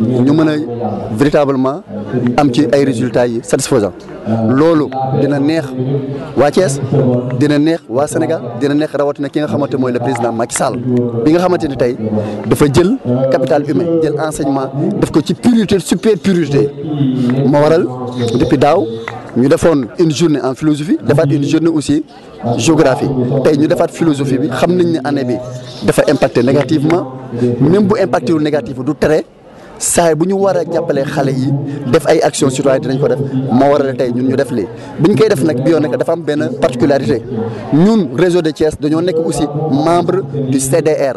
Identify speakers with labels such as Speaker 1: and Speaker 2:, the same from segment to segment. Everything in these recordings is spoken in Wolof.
Speaker 1: Nous avons véritablement am ci ay résultats satisfaisants lolu dina neex dina neex Sénégal dina neex le président Macky Sall bi nga capital humain jël enseignement daf ko ci priorité super ma waral depuis nous avons fait une journée en philosophie fait une journée aussi géographie avons fait philosophie nous savons négativement même impacté négatif du saay buñu wara jappalé a yi def ay action citoyenne dinañ ko def wara la tay ñun ñu def li buñ koy def réseau de Thiès dañu aussi membre du CDR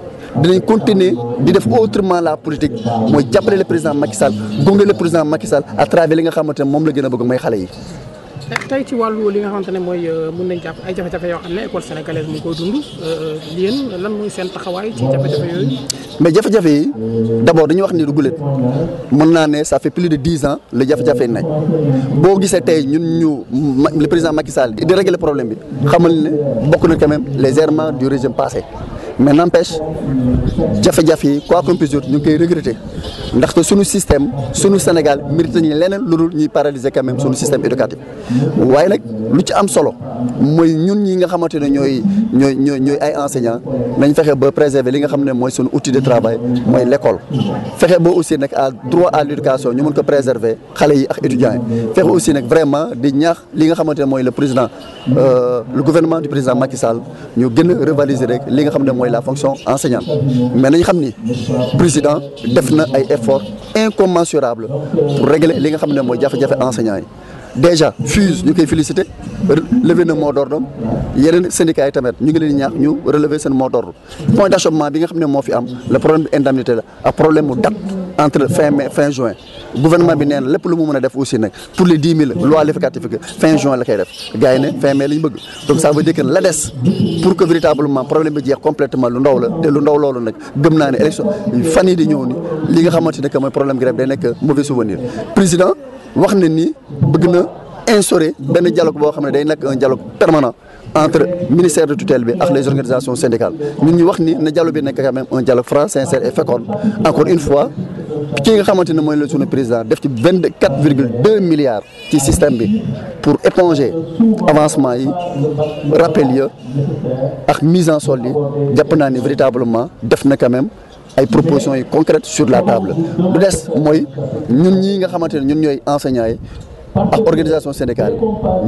Speaker 1: dinañ continuer di def autrement la politique mooy jàppale le président Macky Sall gunge le président Macky Sall à travers li nga xamante ne moom la gën a bëgg mooy xale yi.
Speaker 2: tey ci wàllu li nga xamante ne mooy euh, mën nañ jàpp ay jafe-jafe yoo xam ne école sénégalaise mu ngi koy dund euh, yéen lan mooy seen taxawaay ci jafe-jafe yooyu.
Speaker 1: mais jafe-jafe yi d' abord dañuy wax ni du guléet mën naa ne ça fait plus de dix ans le jafe-jafe nekk boo gisee tey ñun ñu le président Macky Sall di régler problème bi xamal ne bokk na quand même les errements du régime passé mais n'empêche jafe-jafe quoi qu'on puisse dire ñu ngi regretter. regretter ndaxte suñu système suñu Sénégal mérite ñu leneen lu ñuy paralyser quand même suñu système éducatif waaye nag lu ci am solo mooy ñun ñi nga xamante ne ñooy ñooy ñooy ay enseignants nañ fexe ba préserver li nga xam ne mooy suñu outil de travail mooy l'école fexe ba aussi nag à droit à l'éducation ñu mën ko préserver xale yi ak étudiants yi fexe aussi nag vraiment di ñaax li nga xamante ne le président euh, le gouvernement du président Macky Sall ñu gën revaliser rek li nga xam ne mooy la fonction enseignante mais savons que le président a fait ay efforts incommensurables pour régler les nga de ne enseignants déjà FUSE nous koy félicité lever le mot d'ordre yeneen syndicats nous un ñu ngi leen ñaax ñu relever ce mot d'ordre point d'achoppement bi le problème d'indemnité la un problème de date entre fin mai fin juin gouvernement bi nee na lépp lu mu mën a def aussi nag pour les dix mille loi l'effectif fin juin la koy def gars yi ne fin mai la ñu bëgg donc ça veut dire que la des pour que véritablement problème bi jeex complètement lu ndaw la te lu ndaw loolu nag gëm naa ne élection fan yi di ñëw ni li nga xamante ne que mooy problème grave, day nekk mauvais souvenir président wax na ni bëgg na instaurer benn dialogue boo xam day nekk un dialogue permanent entre ministère de tutelle bi les organisations syndicales Nous avons wax ni le dialogue bi quand même un dialogue franc sincère et fécond encore une fois ki nga le ne le président def 24,2 milliards ci système pour éponger avancement yi rappel et ak mise en solde yi jàpp ni véritablement def quand même ay propositions concrètes sur la table Nous des mooy ñun ñii nga enseignants ak organisation syndicale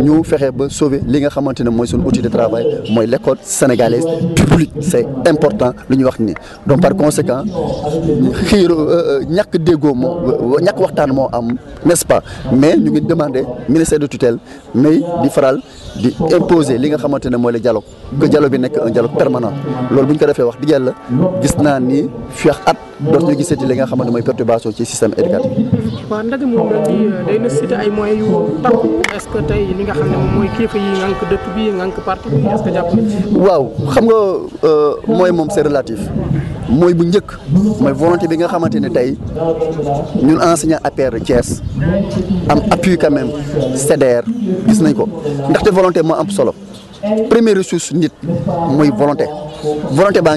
Speaker 1: ñu fexe ba sauver li nga xamante ne mooy suñu outil de travail mooy l'école sénégalaise publique c'est important lu ñuy wax ni donc par conséquent xiiro euh, euh, ñàkk déggoo moo ñàkk waxtaan moo am n'est-ce pas mais ñu ngi demander ministère de tutelle mais di faral di imposer li nga xamante ne le dialogue que dialogue bi nekk un dialogue permanent loolu bu ñu ko defee wax di gis ni feex dootu ñu gisati li nga xamante moy perturbation ci système éducatif waaw
Speaker 2: ndag mo ndag di euh, day nécessité ay moyens yu tax est ce que tay li nga xam moy kifa mooy kilifa yi ngànk dëkk bi ngànk parti bi est ce
Speaker 1: que japp waaw xam nga euh, moy mom c'est relatif moy bu ñëk moy volonté bi nga xamante ne tey ñun enseignant APR Thiès am appui quand même CDR gis nañ ko té volonté mo am solo première ressource nit moy volonté volonté baa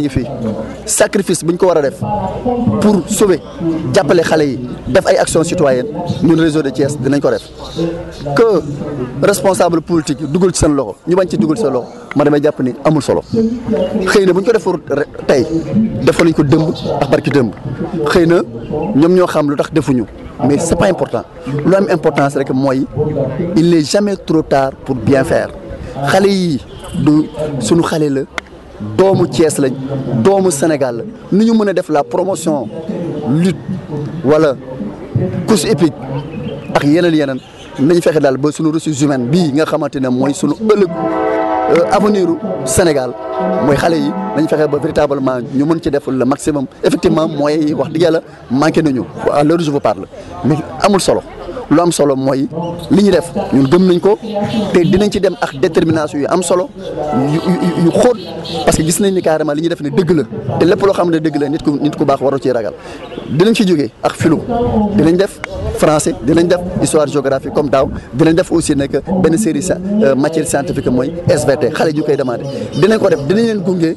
Speaker 1: sacrifice buñ ko wara def pour sauver jappelé xalé yi def ay actions citoyennes ñun réseau de Thiès dinañ ko def que responsable politique politiques ci sen loxo ñu bañ ci dugal sa loxo ma sont les ni amul solo mais c'est pas important lu am importance rek que il n'est jamais trop tard pour bien faire xalé yi du suñu la domu Thiès lañ domu Sénégal la ni ñu mëna def la promotion lutte wala course épique ak yeneen yeneen nañ fexé dal ba suñu ressource humaine bi nga xamante ne mooy suñu ëllëg euh, avenir Sénégal moy xalé yi nañ fexé ba véritablement ñu mën ci def le maximum effectivement mooy wax dëgg yàlla manqué nañu à l'heure je vous parle mais amul solo lu am solo mooy li ñu def ñun gëm nañ ko te dinañ ci dem ak détermination yi am solo yu xóot parce que gis nañ ni carrément li ñu def ne dëgg la te lépp loo xam ne dëgg la nit ku nit ku baax waru ci ragal dinañ ci jóge ak philo dinañ def français dinañ def histoire géographie comme daaw dinañ def aussi nekk benn série euh, matière scientifique mooy SVT xale ju koy demandé dinañ ko def dinañ leen gunge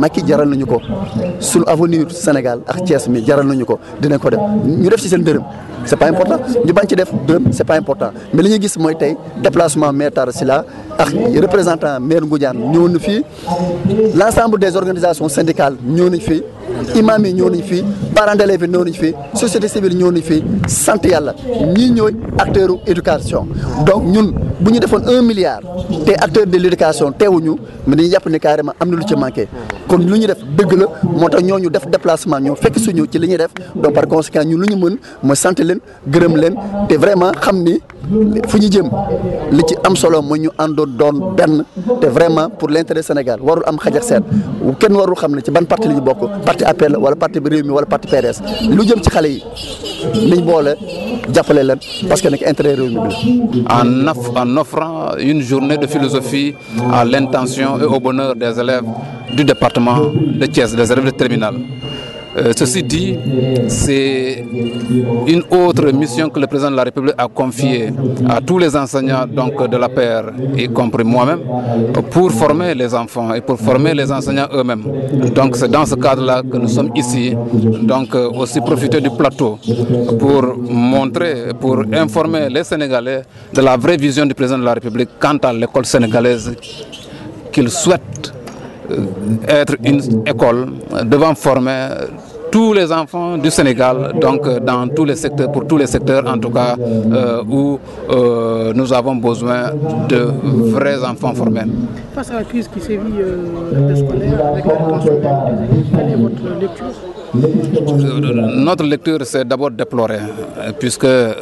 Speaker 1: Maki jaral nañu ko sur avenir Sénégal ak Thiès mi jaral nañu ko dinañ ko def ñu def ci seen deureum c'est pas important ñu bañ ci def deureum c'est pas important mais li gis moy tay déplacement maire Tarasila ak représentant maire Ngoudiane ñëw l'ensemble des organisations syndicales ñëw nañ imam yi ñoo nañ fii parents d'élèves yi ñoo ñu fi société civile ñoo ñu fi sant yalla ñi ñoy acteurs éducation donc ñun bu ñu defoon un milliard té acteurs de l'éducation teewuñu mais dañuy japp ne carrément am lu ci manqué kon lu ñu def dëgg la motax tax ñoo ñu def déplacement ñoo fekk suñu ci li ñuy def donc par conséquent ñun lu ñu mën mo sant leen gërëm leen té vraiment xam ni fuñu jëm li ci am solo mo ñu ando doon ben té vraiment pour l'intérêt Sénégal warul am xajax sét kenn warul xam ci ban parti la ñu bokk parti appel wala parti bi réew mi wala parti PDS lu jëm ci xalé yi liñ boole jappalé leen parce que nag intérêt réew mi bi
Speaker 2: en off en offrant une journée de philosophie à l'intention et au bonheur des élèves du département de Thiès des élèves de terminale. Euh, ceci dit, c'est une autre mission que le président de la République a confiée à tous les enseignants donc, de la paire, y compris moi-même, pour former les enfants et pour former les enseignants eux-mêmes. Donc c'est dans ce cadre-là que nous sommes ici, donc euh, aussi profiter du plateau pour montrer, pour informer les Sénégalais de la vraie vision du président de la République quant à l'école sénégalaise qu'il souhaite euh, être une école devant former tous les enfants du Sénégal, donc euh, dans tous les secteurs, pour tous les secteurs en tout cas, euh, où euh, nous avons besoin de vrais enfants formels.
Speaker 1: Face à la crise qui sévit euh, scolaire, avec la quelle est votre lecture
Speaker 2: notre lecture, c'est d'abord déplorer puisque euh,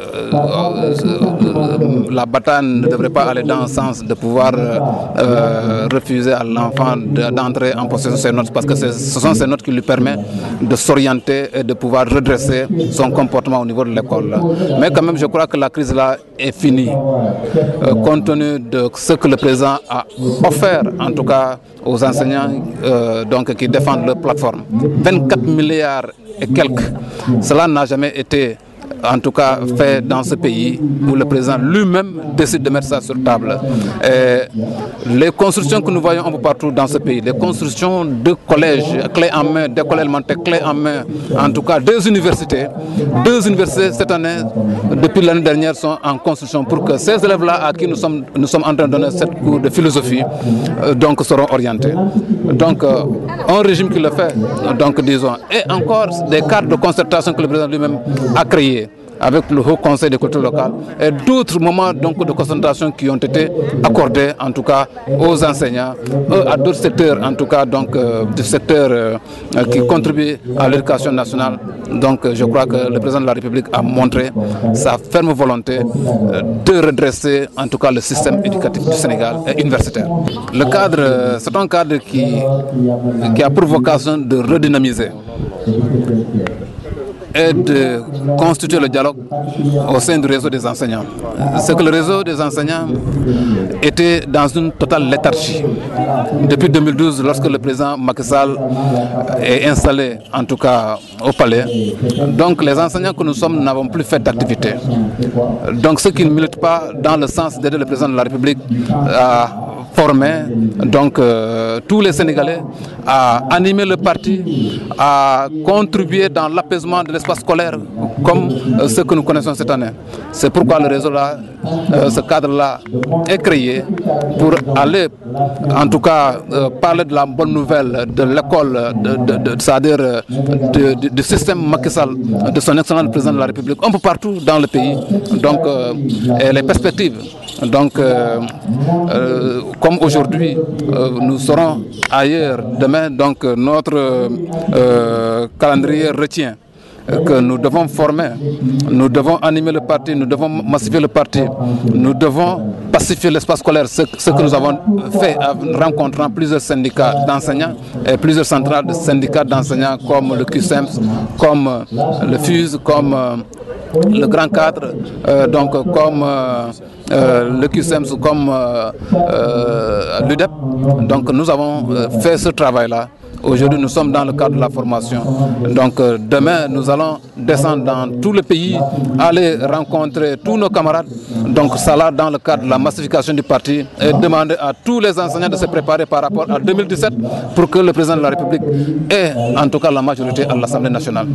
Speaker 2: la bataille ne devrait pas aller dans le sens de pouvoir euh, refuser à l'enfant d'entrer en possession de ses notes, parce que ce sont ces notes qui lui permettent de s'orienter et de pouvoir redresser son comportement au niveau de l'école. Mais quand même, je crois que la crise-là est finie, euh, compte tenu de ce que le président a offert, en tout cas aux enseignants donc, qui défendent leur plateforme. 24 milliards et quelques. Cela n'a jamais été en tout cas fait dans ce pays où le président lui-même décide de mettre ça sur table. Et les constructions que nous voyons un peu partout dans ce pays, les constructions de collèges, clés en main, collèges élémentaires, clés en main, en tout cas deux universités, deux universités cette année, depuis l'année dernière, sont en construction pour que ces élèves-là à qui nous sommes, nous sommes en train de donner cette cours de philosophie, euh, donc seront orientés. Donc, euh, un régime qui le fait, donc disons, et encore des cartes de concertation que le président lui-même a créées avec le Haut Conseil des cultures locales et d'autres moments donc, de concentration qui ont été accordés en tout cas aux enseignants, à d'autres secteurs en tout cas donc euh, euh, qui contribuent à l'éducation nationale. Donc euh, je crois que le président de la République a montré sa ferme volonté de redresser en tout cas le système éducatif du Sénégal et universitaire. Le cadre, c'est un cadre qui, qui a pour vocation de redynamiser et de constituer le dialogue au sein du réseau des enseignants. C'est que le réseau des enseignants était dans une totale léthargie. Depuis 2012, lorsque le président Macky Sall est installé, en tout cas au palais, donc les enseignants que nous sommes n'avons plus fait d'activité. Donc ceux qui ne militent pas dans le sens d'aider le président de la République à former donc euh, tous les Sénégalais à animer le parti, à contribuer dans l'apaisement de l'espace scolaire comme euh, ce que nous connaissons cette année. C'est pourquoi le réseau là, euh, ce cadre-là est créé pour aller en tout cas parler de la bonne nouvelle de l'école, c'est-à-dire du système Macky de son excellent président de la République, un peu partout dans le pays. Donc et les perspectives. Donc comme aujourd'hui, euh, nous serons ailleurs demain, donc euh, notre euh, calendrier retient que nous devons former, nous devons animer le parti, nous devons massifier le parti, nous devons pacifier l'espace scolaire, ce, ce, que nous avons fait en rencontrant plusieurs syndicats d'enseignants et plusieurs centrales de syndicats d'enseignants comme le QSEMS, e comme le FUSE, comme le grand cadre, euh, donc comme euh, euh, le QSEMS, e comme l'UDEP. Donc nous avons fait ce travail-là. Aujourd'hui, nous sommes dans le cadre de la formation. Donc, demain, nous allons descendre dans tout le pays, aller rencontrer tous nos camarades. Donc, ça là, dans le cadre de la massification du parti, et demander à tous les enseignants de se préparer par rapport à 2017 pour que le président de la République ait en tout cas la majorité à l'Assemblée nationale.